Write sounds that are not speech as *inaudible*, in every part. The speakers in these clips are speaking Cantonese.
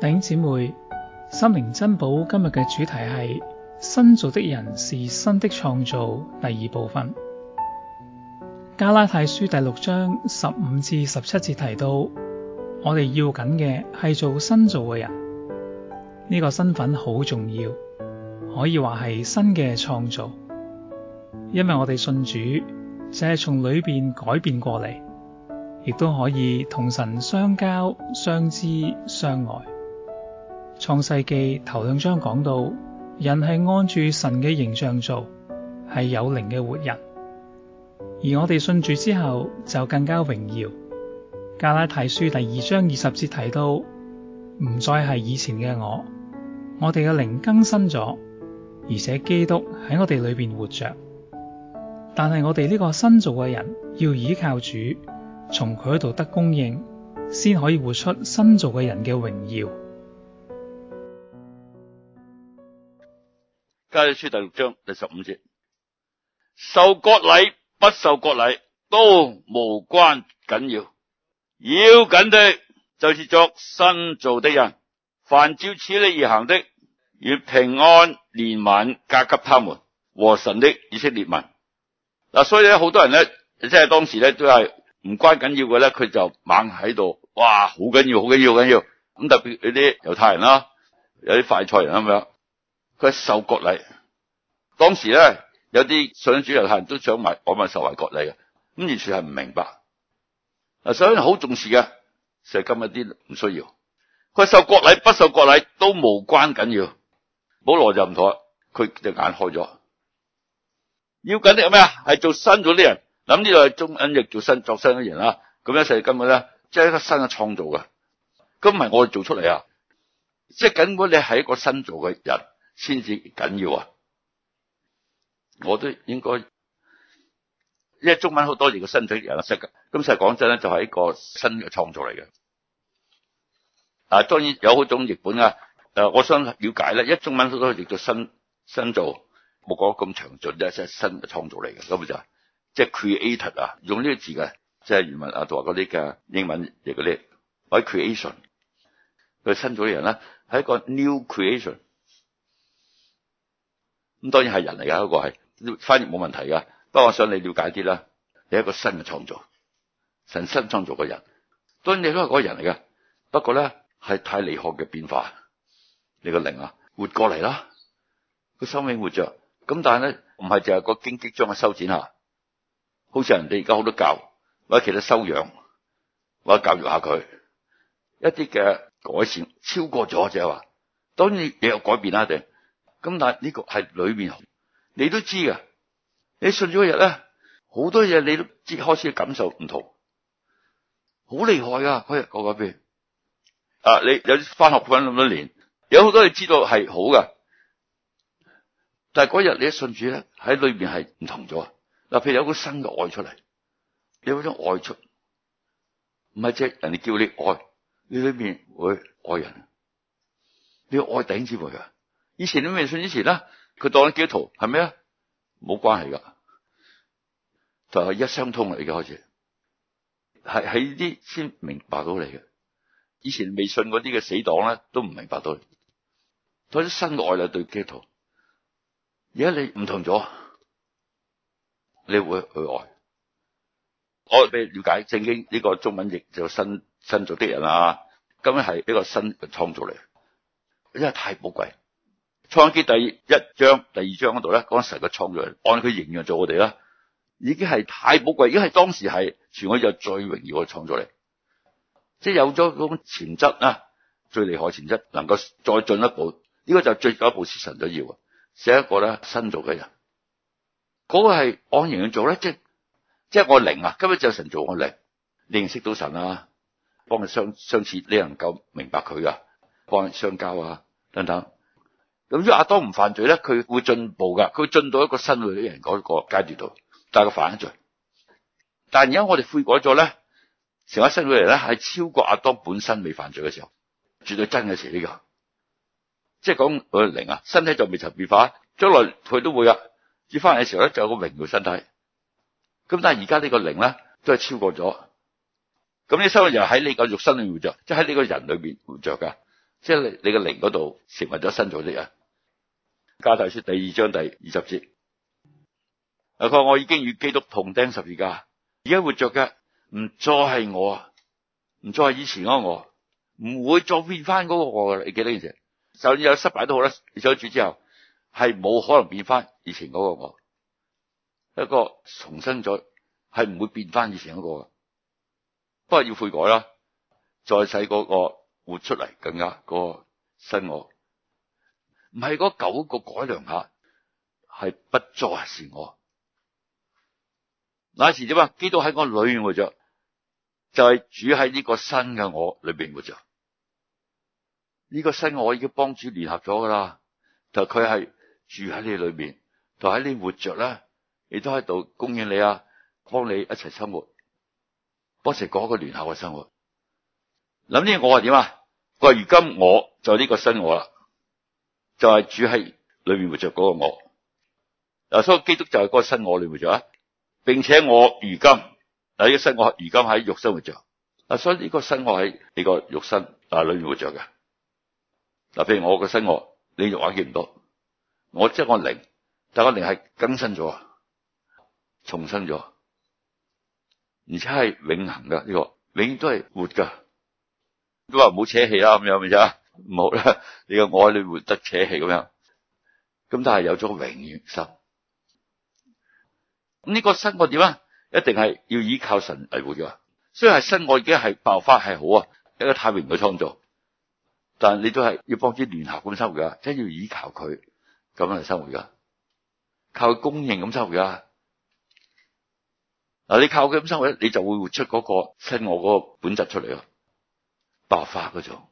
弟兄姐妹，心靈珍寶今日嘅主題係新造的人是新的創造。第二部分，加拉太書第六章十五至十七節提到，我哋要緊嘅係做新造嘅人，呢個身份好重要，可以話係新嘅創造，因為我哋信主，就係從裏邊改變過嚟，亦都可以同神相交、相知、相愛。創世記頭兩章講到，人係按住神嘅形象做，係有靈嘅活人。而我哋信主之後，就更加榮耀。加拉太書第二章二十節提到，唔再係以前嘅我，我哋嘅靈更新咗，而且基督喺我哋裏邊活着。但係我哋呢個新造嘅人，要依靠主，從佢度得供應，先可以活出新造嘅人嘅榮耀。加書第六章第十五節，受割禮不受割禮都無關緊要，要緊的就是作新造的人，凡照此理而行的，願平安，憐憫加給他們和神的以色列民。嗱、啊，所以咧，好多人咧，即係當時咧都係唔關緊要嘅咧，佢就猛喺度，哇，好緊要，好緊要，好緊要咁。特別有啲猶太人啦，有啲法利賽人咁樣。佢受割禮，當時咧有啲上主猶太人都想埋，我咪受埋割禮嘅，咁完全係唔明白。阿上恩好重視嘅，日金一啲唔需要。佢受割禮，不受割禮都無關緊要，保羅就唔妥。佢就眼開咗，要緊啲係咩啊？係做新造啲人，諗呢度係中文亦做新作新嘅人啦、啊。咁成日金嘅咧，即係新嘅創造嘅，咁唔係我哋做出嚟啊，即係根本你係一個新造嘅人。先至緊要啊！我都應該，因為中文好多年嘅新造人識嘅，咁實講真咧，就係、是、一個新嘅創造嚟嘅。嗱，當然有好多種譯本啊。誒，我想了解咧，因為中文好多嘢做新新造，冇講咁詳盡咧，即係新嘅創造嚟嘅咁就係，即係 created 啊，用呢個字嘅，即係原文啊同話嗰啲嘅英文譯啲，或係 creation，佢新造啲人咧，係、啊、一個 new creation。咁當然係人嚟噶，嗰、那個係翻譯冇問題噶。不過我想你了解啲啦，你一個新嘅創造,神新創造嘅人。當然你都係嗰個人嚟㗎，不過咧係太離學嘅變化。你個靈啊活過嚟啦，個生命活着。咁但係咧唔係淨係個經激將佢修剪下，好似人哋而家好多教或者其他修養或者教育下佢一啲嘅改善，超過咗就係話，當然你有改變啦，定？咁但係呢個係裏面好，你都知噶。你信咗嗰日咧，好多嘢你都即開始感受唔同，好厲害㗎。嗰日我講邊啊？你有翻學翻咁多年，有好多嘢知道係好噶，但係嗰日你一信主咧，喺裏面係唔同咗嗱，譬如有個新嘅愛出嚟，有嗰種愛出，唔係即人哋叫你愛，你裏面會愛人，你要愛頂之回啊！以前你未信之前咧，佢當咗基督徒，係咪啊？冇關係噶，就係、是、一相通嚟嘅開始，係喺啲先明白到你嘅。以前未信嗰啲嘅死黨咧，都唔明白到你。開、就、啲、是、新的愛啦，對基督徒。而家你唔同咗，你會去愛。我俾你了解正經呢、這個中文譯就是新新造啲人啊，今日係一個新嘅創造嚟，因為太寶貴。創基第一章、第二章嗰度咧，嗰陣時個創作按佢形象做我哋啦，已經係太寶貴，已經係當時係全宇宙最榮耀嘅創作嚟，即係有咗嗰種潛質啊，最厲害潛質，能夠再進一步，呢、呢個就是最後一步，神都要啊，寫一個咧新造嘅人，嗰、嗰個係按形象做咧，即即係我靈啊，今日只有神做我靈，你認識到神啊，幫佢相相似，你能夠明白佢啊，幫佢相交啊，等等。咁如果阿當唔犯罪咧，佢會進步噶，佢進到一個新造的人嗰個階段度，但係佢犯咗罪。但係而家我哋悔改咗咧，成為新造人咧係超過阿當本身未犯罪嘅時候，絕對真嘅事呢個，即係講佢個靈啊，身體就未曾變化，將來佢都會噶，轉翻嘅時候咧就有個榮耀身體。咁但係而家呢個靈咧都係超過咗，咁你新造的人喺你個肉身裏活着，即係喺呢個人裏邊活着噶，即係你你個靈嗰度成為咗新組織啊。加泰書第二章第二十節，佢話，我已經與基督同釘十字架，而家活着嘅唔再係我，唔再係以前嗰個我，唔會再變翻嗰個我。你記得件事，就算有失敗都好啦。你想住之後係冇可能變翻以前嗰個我，一個重新再，係唔會變翻以前嗰個。不過要悔改啦，再使嗰個活出嚟更加嗰個新我。唔係嗰九個改良下，係不再是我。那時點啊？基督喺我、就是我裏面活着，就係住喺呢個新嘅我裏邊活着。呢個新我已經幫主聯合咗噶啦，就佢係住喺你裏邊，就喺你活着咧，亦都喺度供應你啊，幫你一齊生活，當時嗰個聯合嘅生活。諗呢，我係點啊？佢話：如今我就呢個新我啦。就係主喺裏面活着嗰個我，嗱，所以基督就係嗰個新我裏面活着，並且我如今，嗱，呢個新我如今喺肉身活着，嗱，所以呢個新我喺你個肉身但裏面活着嘅，嗱，譬如我個新我，你肉眼見唔到，我即係、就是、我靈，但係我靈係更新咗重生咗，而且係永恆嘅呢個，永遠都係活噶，都話唔好扯氣啦咁樣，咪就冇啦，你個愛你活得扯氣咁樣，咁但係有咗永遠心，呢個新我點啊？一定係要依靠神嚟活咗。雖然係新我已經係爆發係好啊，一個太平嘅創造，但係你都係要幫住聯合咁生活噶，即係要依靠佢咁嚟生活噶，靠佢供應咁生活噶。嗱，你靠佢咁生活，你就會活出嗰個新我嗰個本質出嚟咯，爆發嗰種。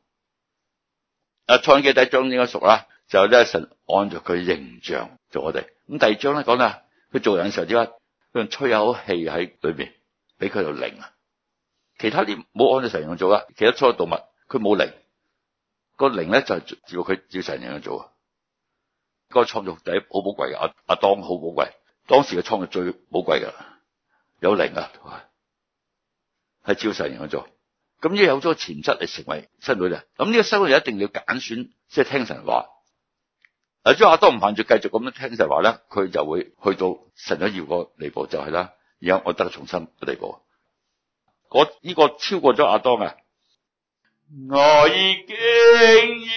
啊，創記第一章應該熟啦，就個神按着佢形象做我哋。咁第二章咧講啦，佢做人時候點啊？佢吹一口氣喺裏邊，俾佢有靈啊。其他啲唔好按住神樣做啦。其他初嘅動物，佢冇靈，那個靈咧就照佢照神樣做啊。嗰，那個創造底好寶貴嘅，阿阿當好寶貴，當時嘅創作最寶貴嘅，有靈啊，係照神樣做。咁呢有咗潛質嚟，成為新女嘅，咁呢個新女就一定要揀選，即係聽神話。嗱，如阿當唔犯罪，繼續咁樣聽神話咧，佢就會去到神都要個地步就係、是、啦，而家我得重生嘅地步啊，我、這、呢個超過咗阿當啊！ *music* 我已經。